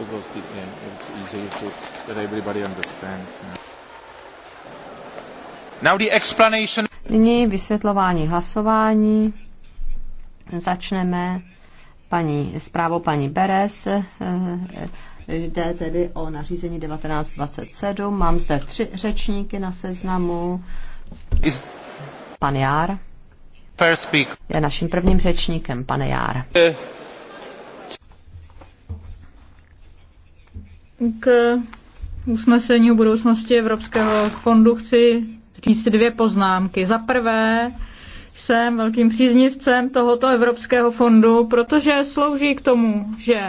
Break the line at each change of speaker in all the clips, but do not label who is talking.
uh, it's easy to, that everybody Now the explanation.
Nyní vysvětlování hlasování. Začneme paní, zprávou paní Beres. Eh, eh, jde tedy o nařízení 1927. Mám zde tři řečníky na seznamu. Is... Pan Jár je naším
prvním řečníkem, pane Jár. Uh. K usnesení o budoucnosti Evropského fondu chci říct dvě poznámky. Za prvé, jsem velkým příznivcem tohoto Evropského fondu, protože slouží k tomu, že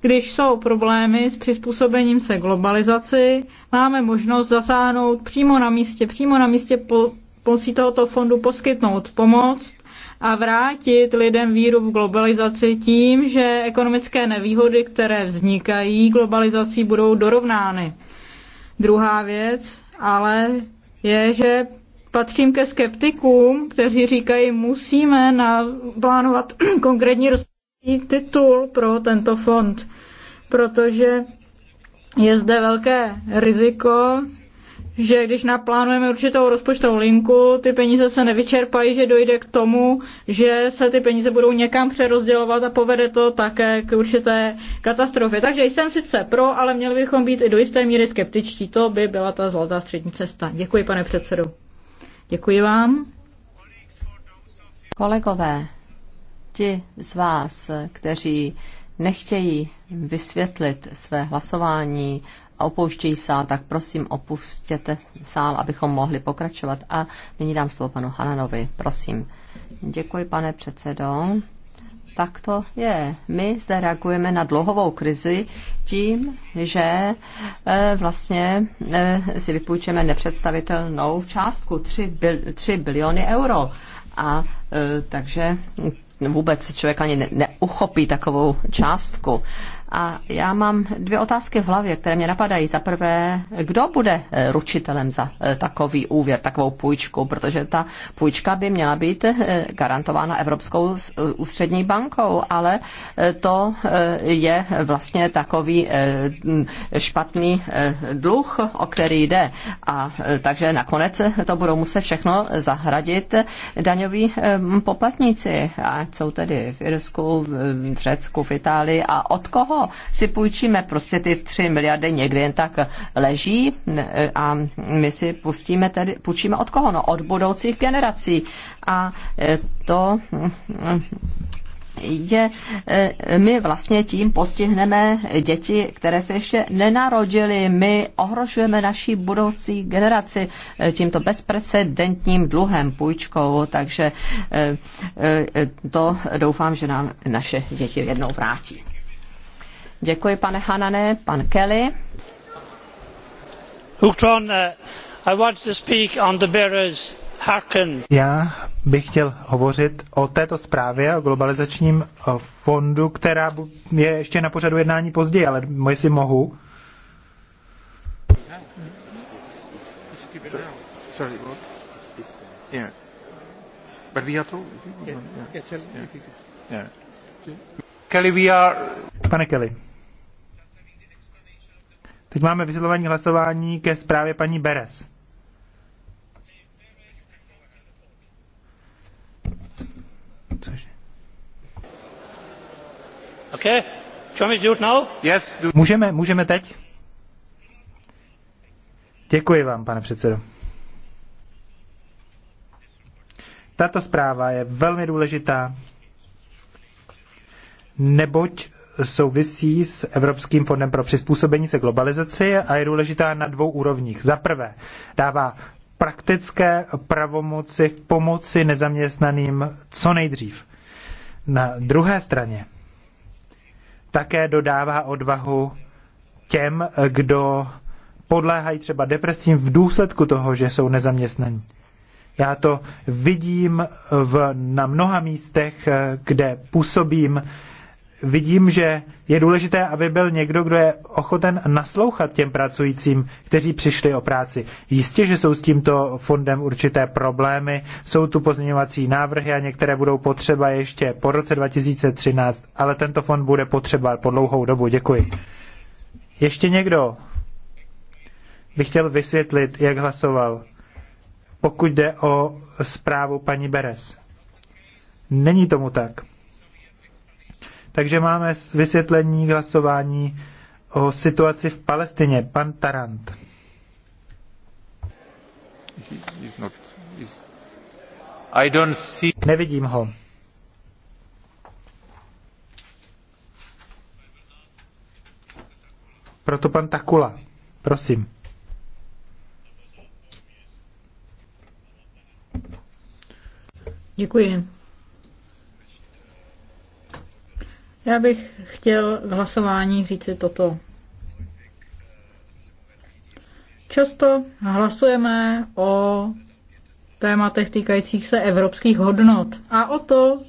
když jsou problémy s přizpůsobením se globalizaci, máme možnost zasáhnout přímo na místě, přímo na místě po, pomocí tohoto fondu poskytnout pomoc a vrátit lidem víru v globalizaci tím, že ekonomické nevýhody, které vznikají globalizací, budou dorovnány. Druhá věc ale je, že patřím ke skeptikům, kteří říkají, musíme naplánovat konkrétní rozpočtový titul pro tento fond, protože je zde velké riziko, že když naplánujeme určitou rozpočtovou linku, ty peníze se nevyčerpají, že dojde k tomu, že se ty peníze budou někam přerozdělovat a povede to také k určité katastrofě. Takže jsem sice pro, ale měli bychom být i do jisté míry skeptičtí. To by byla ta zlatá střední cesta. Děkuji, pane předsedu. Děkuji vám.
Kolegové, ti z vás, kteří nechtějí vysvětlit své hlasování a opouštějí sál, tak prosím opustěte sál, abychom mohli pokračovat. A nyní dám slovo panu Hananovi, prosím. Děkuji, pane předsedo. Tak to je. My zde reagujeme na dlouhovou krizi tím, že eh, vlastně eh, si vypůjčeme nepředstavitelnou částku 3, bil, 3 biliony euro. A eh, takže vůbec člověk ani neuchopí takovou částku. A já mám dvě otázky v hlavě, které mě napadají. Za prvé, kdo bude eh, ručitelem za eh, takový úvěr, takovou půjčku, protože ta půjčka by měla být eh, garantována Evropskou ústřední bankou, ale to je vlastně takový špatný dluh, o který jde. A takže nakonec to budou muset všechno zahradit daňoví poplatníci, ať jsou tedy v Irsku, v Řecku, v Itálii a od koho toho si půjčíme. Prostě ty 3 miliardy někde jen tak leží a my si pustíme tedy, půjčíme od koho? No od budoucích generací. A e, to je, e, my vlastně tím postihneme děti, které se ještě nenarodily. My ohrožujeme naší budoucí generaci e, tímto bezprecedentním dluhem, půjčkou, takže to doufám, že nám naše děti jednou vrátí. Děkuji, pane
Hanane. Pan Kelly. Uh, Já bych chtěl hovořit o této zprávě, o globalizačním uh, fondu, která je ještě na pořadu jednání později, ale jestli mohu. Kelly, we are... Pane Kelly, Teď máme vyzvolování hlasování ke zprávě paní Beres. Cože? Okay. Yes, do... Můžeme, můžeme teď? Děkuji vám, pane předsedo. Tato zpráva je velmi důležitá, neboť souvisí s Evropským fondem pro přizpůsobení se globalizaci a je důležitá na dvou úrovních. Za prvé, dává praktické pravomoci v pomoci nezaměstnaným co nejdřív. Na druhé straně také dodává odvahu těm, kdo podléhají třeba depresím v důsledku toho, že jsou nezaměstnaní. Já to vidím v, na mnoha místech, kde působím, vidím, že je důležité, aby byl někdo, kdo je ochoten naslouchat těm pracujícím, kteří přišli o práci. Jistě, že jsou s tímto fondem určité problémy, jsou tu pozměňovací návrhy a některé budou potřeba ještě po roce 2013, ale tento fond bude potřeba po dlouhou dobu. Děkuji. Ještě někdo bych chtěl vysvětlit, jak hlasoval, pokud jde o zprávu paní Beres. Není tomu tak. Takže máme vysvětlení k hlasování o situaci v Palestině. Pan Tarant. I don't see... Nevidím ho. Proto pan Takula. Prosím.
Děkuji. Já bych chtěl v hlasování říci toto. Často hlasujeme o tématech týkajících se evropských hodnot a o to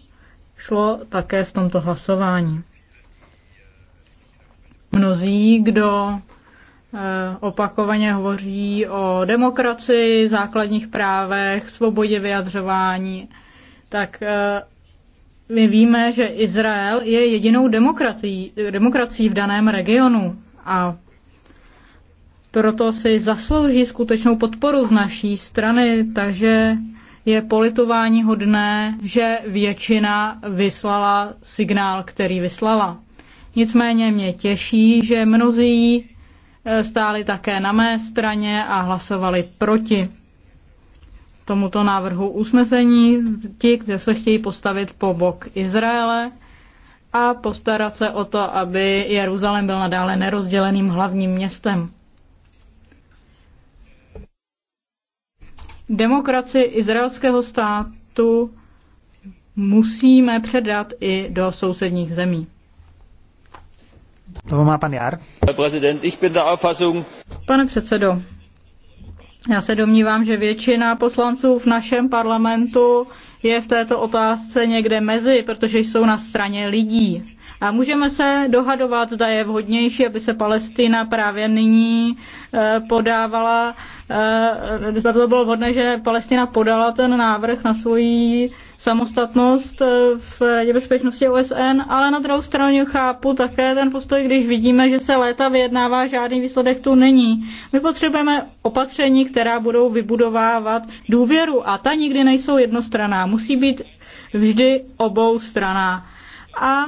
šlo také v tomto hlasování. Mnozí, kdo eh, opakovaně hovoří o demokracii, základních právech, svobodě vyjadřování, tak eh, my víme, že Izrael je jedinou demokracií, demokracií v daném regionu a proto si zaslouží skutečnou podporu z naší strany, takže je politování hodné, že většina vyslala signál, který vyslala. Nicméně mě těší, že mnozí eh, stáli také na mé straně a hlasovali proti tomuto návrhu usnesení ti, kde se chtějí postavit po bok Izraele a postarat se o to, aby Jeruzalém byl nadále nerozděleným hlavním městem. Demokraci izraelského státu musíme předat i do sousedních zemí.
To má pan Jar.
Pane předsedo, já se domnívám, že většina poslanců v našem parlamentu je v této otázce někde mezi, protože jsou na straně lidí. A můžeme se dohadovat, zda je vhodnější, aby se Palestina právě nyní eh, podávala, eh, zda to bylo vhodné, že Palestina podala ten návrh na svoji samostatnost eh, v Radě bezpečnosti OSN, ale na druhou stranu chápu také ten postoj, když vidíme, že se léta vyjednává, žádný výsledek tu není. My potřebujeme opatření, která budou vybudovávat důvěru a ta nikdy nejsou jednostraná. Musí být vždy obou straná. A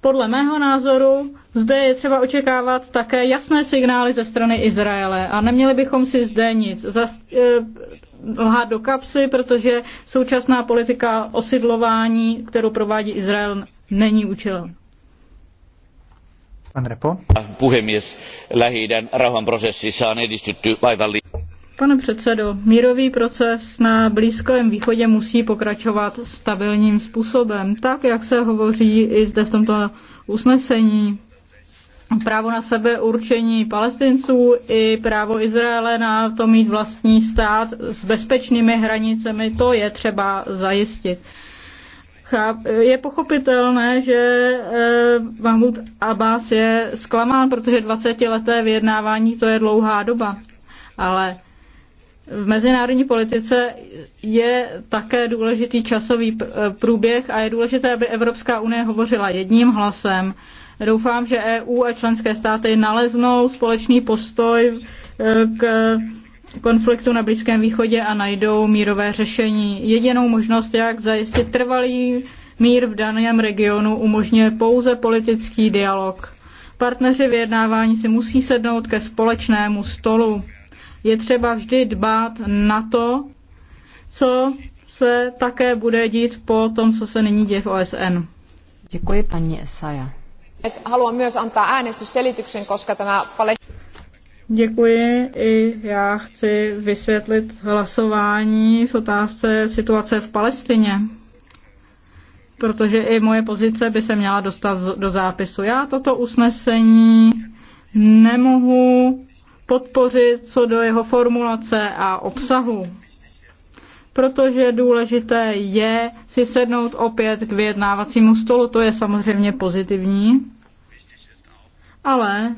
podle mého názoru zde je třeba očekávat také jasné signály ze strany Izraele a neměli bychom si zde nic zas, eh, lhát do kapsy, protože současná politika osidlování, kterou provádí Izrael, není účelem.
Pan Repo. Puhemies, lähi rauhanprosessissa on edistytty aivan
Pane předsedo, mírový proces na Blízkém východě musí pokračovat stabilním způsobem, tak jak se hovoří i zde v tomto usnesení právo na sebe určení palestinců i právo Izraele na to mít vlastní stát s bezpečnými hranicemi, to je třeba zajistit. Je pochopitelné, že eh, Mahmud Abbas je zklamán, protože 20 leté vyjednávání to je dlouhá doba. Ale v mezinárodní politice je také důležitý časový průběh a je důležité, aby Evropská unie hovořila jedním hlasem. Doufám, že EU a členské státy naleznou společný postoj e, k konfliktu na Blízkém východě a najdou mírové řešení. Jedinou možnost, jak zajistit trvalý mír v daném regionu, umožňuje pouze politický dialog. Partneři vyjednávání si musí sednout ke společnému stolu je třeba vždy dbát na to, co se také bude dít po tom, co se nyní děje v OSN. Děkuji, paní Esaja. Haluan myös antaa äänestysselityksen, koska tämä Děkuji. I já chci vysvětlit hlasování v otázce situace v Palestině, protože i moje pozice by se měla dostat do zápisu. Já toto usnesení nemohu podpořit co do jeho formulace a obsahu. Protože důležité je si sednout opět k vyjednávacímu stolu, to je samozřejmě pozitivní, ale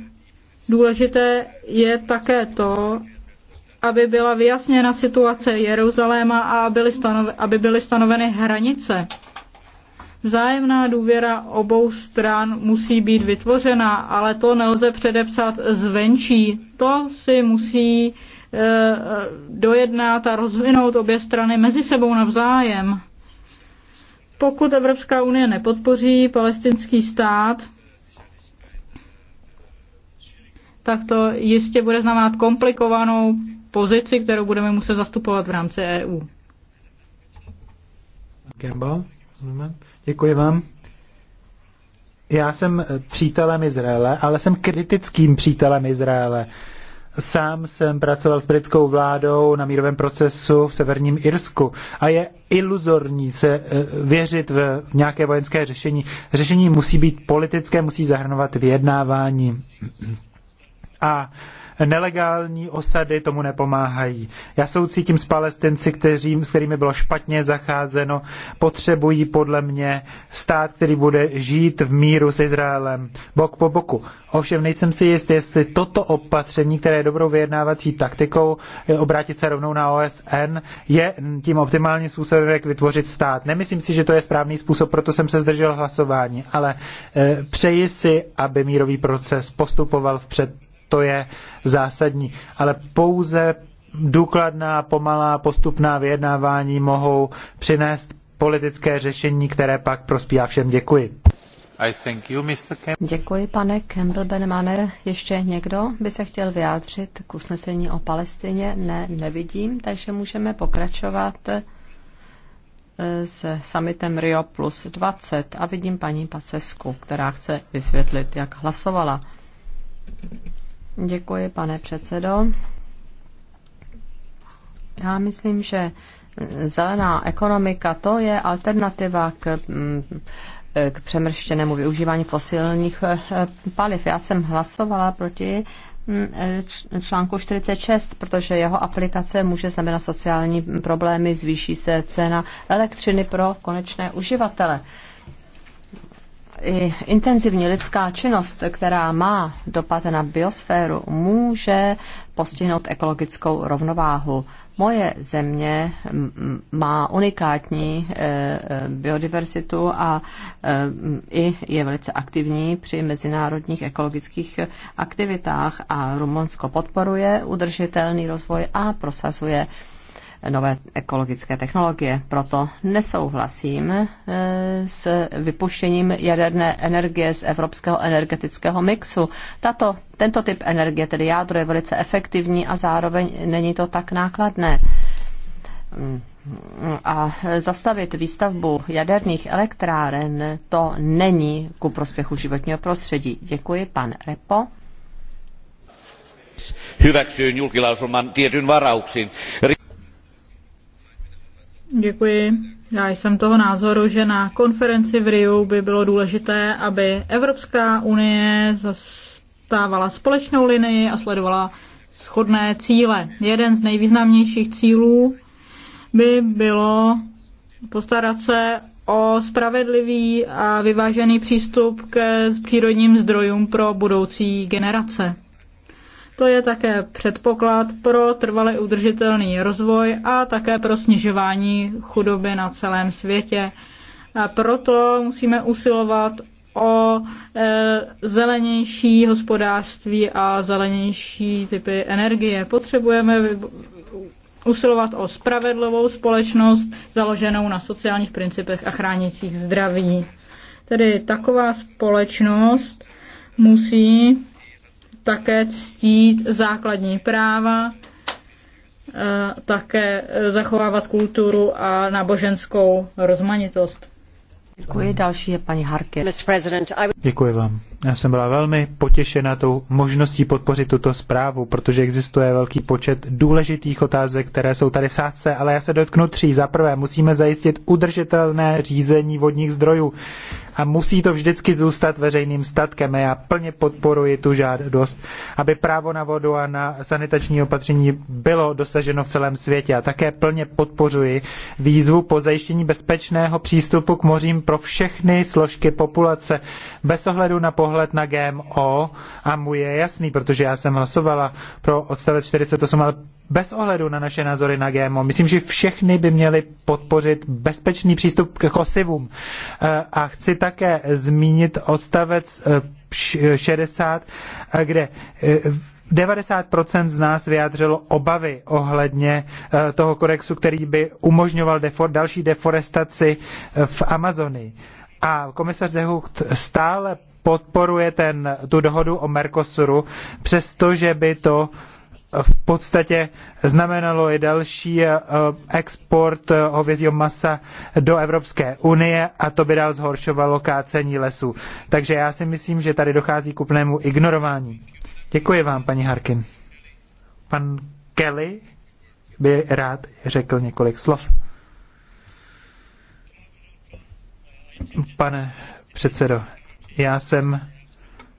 důležité je také to, aby byla vyjasněna situace Jeruzaléma a aby byly stanoveny hranice Vzájemná důvěra obou stran musí být vytvořena, ale to nelze předepsat zvenčí. To si musí eh, dojednat a rozvinout obě strany mezi sebou navzájem. Pokud Evropská unie nepodpoří palestinský stát, tak to jistě bude znamenat komplikovanou pozici, kterou budeme muset zastupovat v rámci EU.
Děkuji vám. Já jsem eh, přítelem Izraele, ale jsem kritickým přítelem Izraele. Sám jsem pracoval s britskou vládou na mírovém procesu v severním Irsku a je iluzorní se eh, věřit v nějaké vojenské řešení. Řešení musí být politické, musí zahrnovat vyjednávání. A nelegální osady tomu nepomáhají. Já soucítím s palestinci, kteří, s kterými bylo špatně zacházeno, potřebují podle mě stát, který bude žít v míru s Izraelem bok po boku. Ovšem nejsem si jist, jestli toto opatření, které je dobrou vyjednávací taktikou, obrátit se rovnou na OSN, je tím optimálním způsobem, jak vytvořit stát. Nemyslím si, že to je správný způsob, proto jsem se zdržel hlasování, ale eh, přeji si, aby mírový proces postupoval vpřed to je zásadní. Ale pouze důkladná, pomalá, postupná vyjednávání mohou přinést politické řešení, které pak prospívá všem. Děkuji. You,
Děkuji, pane Campbell Benemane. Ještě někdo by se chtěl vyjádřit k usnesení o Palestině? Ne, nevidím, takže můžeme pokračovat eh, s summitem Rio plus 20 a vidím paní Pacesku, která chce vysvětlit, jak hlasovala. Děkuji, pane předsedo. Já myslím, že zelená ekonomika to je alternativa k, mm, k přemrštěnému využívání fosilních eh, paliv. Já jsem hlasovala proti mm, eh, článku 46, protože jeho aplikace může znamenat sociální problémy, zvýší se cena elektřiny pro konečné uživatele i intenzivní lidská činnost, která má dopad na biosféru, může postihnout ekologickou rovnováhu. Moje země má unikátní e, e, biodiverzitu a e, i je velice aktivní při mezinárodních ekologických aktivitách a Rumunsko podporuje udržitelný rozvoj a prosazuje nové ekologické technologie. Proto nesouhlasím e, s vypuštěním jaderné energie z evropského energetického mixu. Tato, tento typ energie, tedy jádro, je velice efektivní a zároveň není to tak nákladné. A zastavit výstavbu jaderných elektráren to není ku prospěchu životního prostředí. Děkuji, pan Repo
hyväksyin julkilausuman tietyn varauksin. Děkuji. Já jsem toho názoru, že na konferenci v Riu by bylo důležité, aby Evropská unie zastávala společnou linii a sledovala shodné cíle. Jeden z nejvýznamnějších cílů by bylo postarat se o spravedlivý a vyvážený přístup k přírodním zdrojům pro budoucí generace. To je také předpoklad pro trvalý udržitelný rozvoj a také pro snižování chudoby na celém světě. A proto musíme usilovat o e, zelenější hospodářství a zelenější typy energie. Potřebujeme usilovat o spravedlivou společnost založenou na sociálních principech a chránících zdraví. Tedy taková společnost musí také ctít základní práva, e, také zachovávat kulturu a náboženskou rozmanitost. Děkuji, další je paní Harky.
Děkuji vám. Já jsem byla velmi potěšena tou možností podpořit tuto zprávu, protože existuje velký počet důležitých otázek, které jsou tady v sázce, ale já se dotknu tří. Za prvé, musíme zajistit udržitelné řízení vodních zdrojů a musí to vždycky zůstat veřejným statkem. A já plně podporuji tu žádost, aby právo na vodu a na sanitační opatření bylo dosaženo v celém světě. A také plně podporuji výzvu po zajištění bezpečného přístupu k mořím pro všechny složky populace bez ohledu na pohled na GMO. A mu je jasný, protože já jsem hlasovala pro odstavec 48, ale bez ohledu na naše názory na GMO. Myslím, že všechny by měly podpořit bezpečný přístup k osivům. E, a chci také zmínit odstavec 60, eh, eh, eh, kde 90% z nás vyjádřilo obavy ohledně toho kodexu, který by umožňoval další deforestaci v Amazonii. A komisař Dehucht stále podporuje ten, tu dohodu o Mercosuru, přestože by to v podstatě znamenalo i další eh, export eh, hovězího masa do Evropské unie a to by dál zhoršovalo kácení lesů. Takže já si myslím, že tady dochází k úplnému ignorování. Děkuji vám, paní Harkin. Pan Kelly by rád řekl několik slov. Pane předsedo, já jsem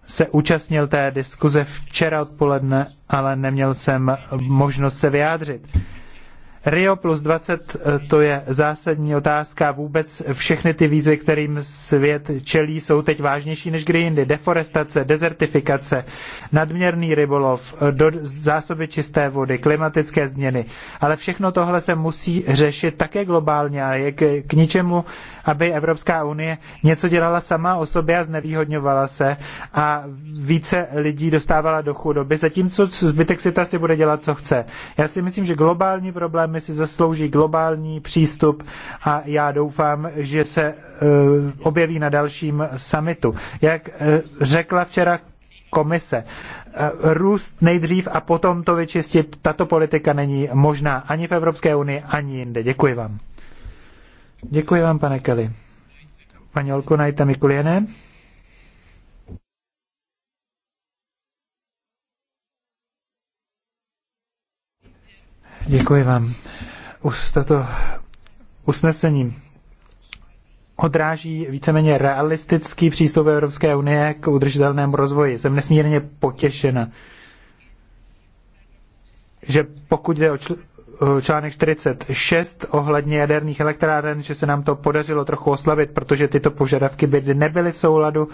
se účastnil té diskuze včera odpoledne, ale neměl jsem možnost se vyjádřit. Rio plus 20 eh, to je zásadní otázka. Vůbec všechny ty výzvy, kterým svět čelí, jsou teď vážnější než kdy jindy. Deforestace, dezertifikace, nadměrný rybolov, eh, do, zásoby čisté vody, klimatické změny. Ale všechno tohle se musí řešit také globálně a je k, k ničemu, aby Evropská unie něco dělala sama o sobě a znevýhodňovala se a více lidí dostávala do chudoby, zatímco zbytek světa si bude dělat, co chce. Já si myslím, že globální problém problémy si zaslouží globální přístup a já doufám, že se e, objeví na dalším summitu. Jak e, řekla včera komise. E, růst nejdřív a potom to vyčistit, tato politika není možná ani v Evropské unii, ani jinde. Děkuji vám. Děkuji vám, pane Kelly. Paní Olko, najte mi Děkuji vám. Us, tato usnesení odráží víceméně realistický přístup Evropské unie k udržitelnému rozvoji. Jsem nesmírně potěšena, že pokud jde o čl- článek 46 ohledně jaderných elektráren, že se nám to podařilo trochu oslabit, protože tyto požadavky by nebyly v souladu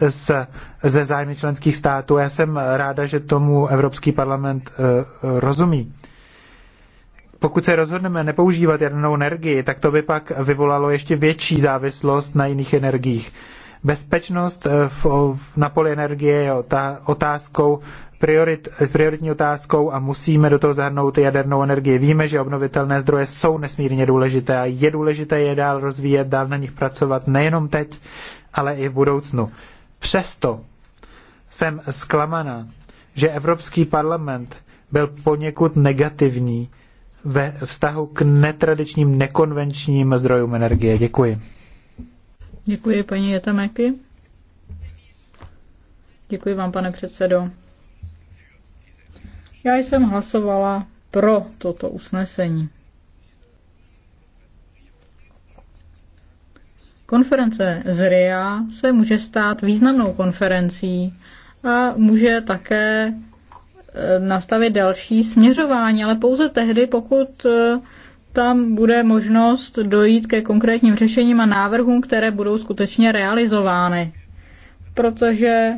s, ze zájmy členských států. Já jsem ráda, že tomu Evropský parlament eh, rozumí pokud se rozhodneme nepoužívat jadernou energii, tak to by pak vyvolalo ještě větší závislost na jiných energiích. Bezpečnost eh, v, na poli energie je otázkou, priorit, prioritní otázkou a musíme do toho zahrnout jadernou energii. Víme, že obnovitelné zdroje jsou nesmírně důležité a je důležité je dál rozvíjet, dál na nich pracovat nejenom teď, ale i v budoucnu. Přesto jsem zklamaná, že Evropský parlament byl poněkud negativní ve vztahu k netradičním, nekonvenčním zdrojům energie. Děkuji.
Děkuji, paní Jetameky. Děkuji vám, pane předsedo. Já jsem hlasovala pro toto usnesení. Konference z RIA se může stát významnou konferencí a může také Eh, nastavit další směřování, ale pouze tehdy, pokud eh, tam bude možnost dojít ke konkrétním řešením a návrhům, které budou skutečně realizovány. Protože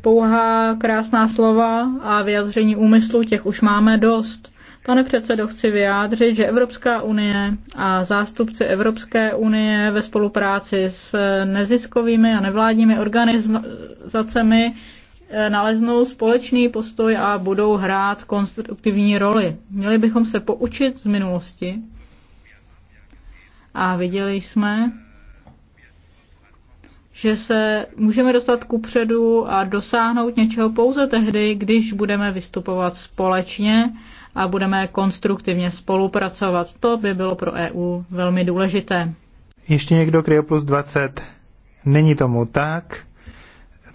pouhá krásná slova a vyjadření úmyslu těch už máme dost. Pane předsedo, chci vyjádřit, že Evropská unie a zástupci Evropské unie ve spolupráci s neziskovými a nevládními organizacemi naleznou společný postoj a budou hrát konstruktivní roli. Měli bychom se poučit z minulosti a viděli jsme, že se můžeme dostat ku předu a dosáhnout něčeho pouze tehdy, když budeme vystupovat společně a budeme konstruktivně spolupracovat. To by bylo pro EU velmi důležité.
Ještě někdo Kryo plus 20? Není tomu tak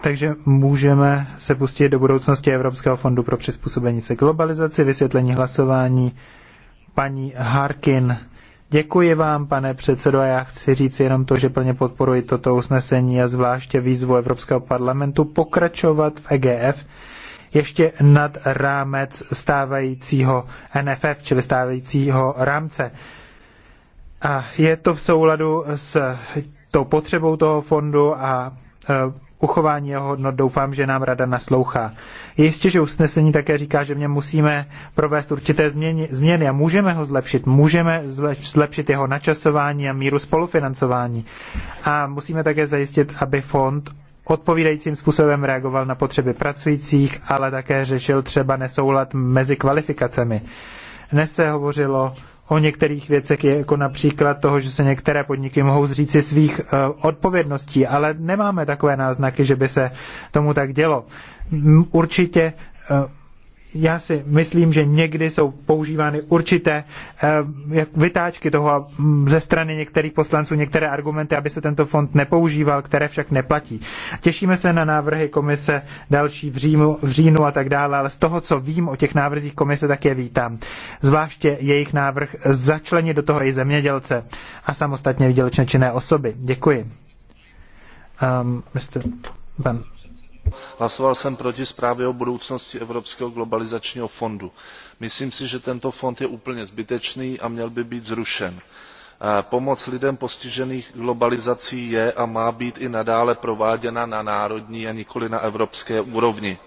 takže můžeme se pustit do budoucnosti Evropského fondu pro přizpůsobení se globalizaci, vysvětlení hlasování paní Harkin. Děkuji vám, pane předsedo, a já chci říct jenom to, že plně podporuji toto usnesení a zvláště výzvu Evropského parlamentu pokračovat v EGF ještě nad rámec stávajícího NFF, čili stávajícího rámce. A je to v souladu s tou potřebou toho fondu a e, uchování jeho hodnot. Doufám, že nám rada naslouchá. Jistě, že usnesení také říká, že mě musíme provést určité změny, změny a můžeme ho zlepšit. Můžeme zlepšit jeho načasování a míru spolufinancování. A musíme také zajistit, aby fond odpovídajícím způsobem reagoval na potřeby pracujících, ale také řešil třeba nesoulad mezi kvalifikacemi. Dnes se hovořilo o některých věcech, jako například toho, že se některé podniky mohou zříci svých eh, odpovědností, ale nemáme takové náznaky, že by se tomu tak dělo. Určitě eh, já si myslím, že někdy jsou používány určité eh, vytáčky toho mm, ze strany některých poslanců, některé argumenty, aby se tento fond nepoužíval, které však neplatí. Těšíme se na návrhy komise další v, říjnu, v říjnu a tak dále, ale z toho, co vím o těch návrzích komise, tak je vítám. Zvláště jejich návrh začlenit do toho i zemědělce a samostatně výdělečné činné osoby. Děkuji. Um, Mr. Ben
hlasoval jsem proti zprávě o budoucnosti evropského globalizačního fondu. myslím si že tento fond je úplně zbytečný a měl by být zrušen. E, pomoc lidem postiženým globalizací je a má být i nadále prováděna na národní a nikoli na evropské úrovni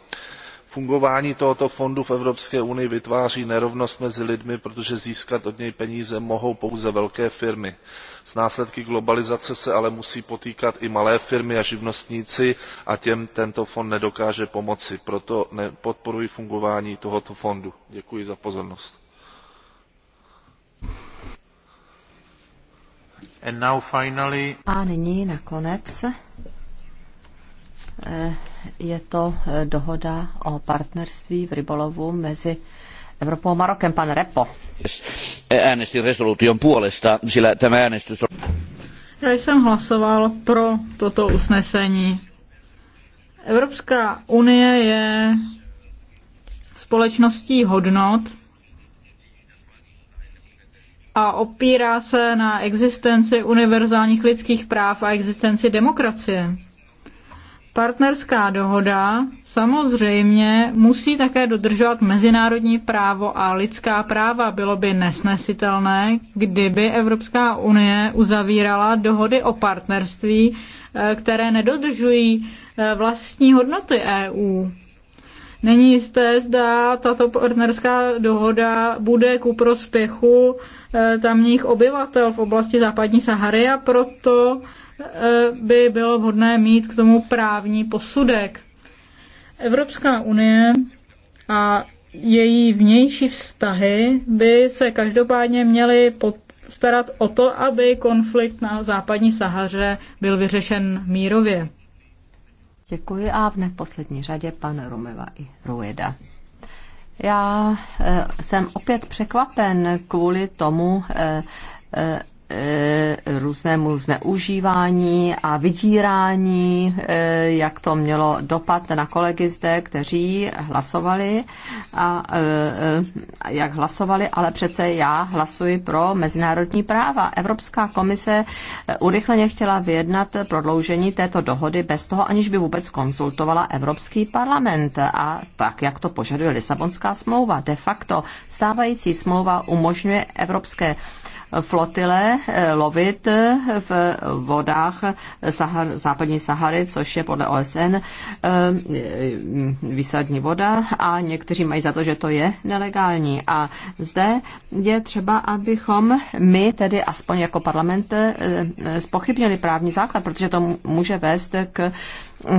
fungování tohoto fondu v evropské unii vytváří nerovnost mezi lidmi protože získat od něj peníze mohou pouze velké firmy. s následky globalizace se ale musí potýkat i malé firmy a živnostníci a těm tento fond nedokáže pomoci. proto nepodporuji fungování tohoto fondu. děkuji za pozornost.
A nyní nakonec Eh, je to eh, dohoda o partnerství v rybolovu mezi Evropou a Marokem. Pan Repo.
Äänestin resoluution puolesta, sillä tämä äänestys on... Já jsem hlasoval pro toto usnesení. Evropská unie je společností hodnot a opírá se na existenci univerzálních lidských práv a existenci demokracie. Partnerská dohoda samozřejmě musí také dodržovat mezinárodní právo a lidská práva. Bylo by nesnesitelné, kdyby Evropská unie uzavírala dohody o partnerství, eh, které nedodržují eh, vlastní hodnoty EU. Není jisté, zda tato partnerská dohoda bude ku prospěchu eh, tamních obyvatel v oblasti západní Sahary a proto Eh, by bylo vhodné mít k tomu právní posudek. Evropská unie a její vnější vztahy by se každopádně měly starat o to, aby konflikt na západní Sahaře byl vyřešen mírově.
Děkuji a v neposlední řadě pan Rumeva i Rueda. Já eh, jsem opět překvapen kvůli tomu, eh, Eh, různému zneužívání a vydírání, eh, jak to mělo dopad na kolegy zde, kteří hlasovali a eh, jak hlasovali, ale přece já hlasuji pro mezinárodní práva. Evropská komise urychleně chtěla vyjednat prodloužení této dohody bez toho, aniž by vůbec konzultovala Evropský parlament a tak, jak to požaduje Lisabonská smlouva. De facto stávající smlouva umožňuje Evropské flotile eh, lovit eh, v vodách Sahar, západní Sahary, což je podle OSN eh, výsadní voda a někteří mají za to, že to je nelegální. A zde je třeba, abychom my tedy aspoň jako parlament spochybnili právní základ, protože to může vést k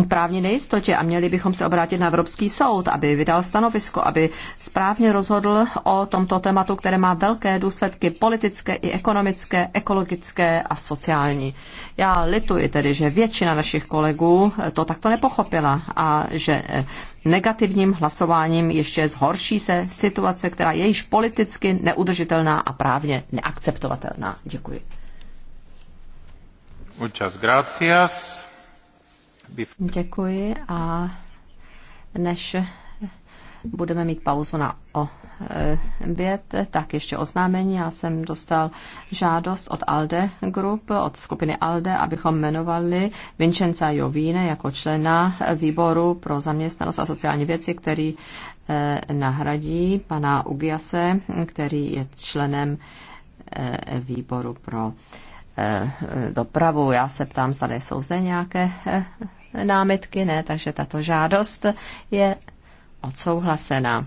právní nejistotě a měli bychom se obrátit na Evropský soud, aby vydal stanovisko, aby správně rozhodl o tomto tématu, které má velké důsledky politické i ekonomické, ekologické a sociální. Já lituji tedy, že většina našich kolegů to takto nepochopila a že eh, negativním hlasováním ještě zhorší se situace, která je již politicky neudržitelná a právně neakceptovatelná. Děkuji.
Muchas gracias.
Děkuji a než budeme mít pauzu na oběd, tak ještě oznámení. Já jsem dostal žádost od ALDE Group, od skupiny ALDE, abychom jmenovali Vincenza Jovíne jako člena výboru pro zaměstnanost a sociální věci, který eh, nahradí pana Ugiase, který je členem eh, výboru pro eh, dopravu. Já se ptám, zda jsou zde nějaké námitky? Ne, takže tato žádost je odsouhlasena.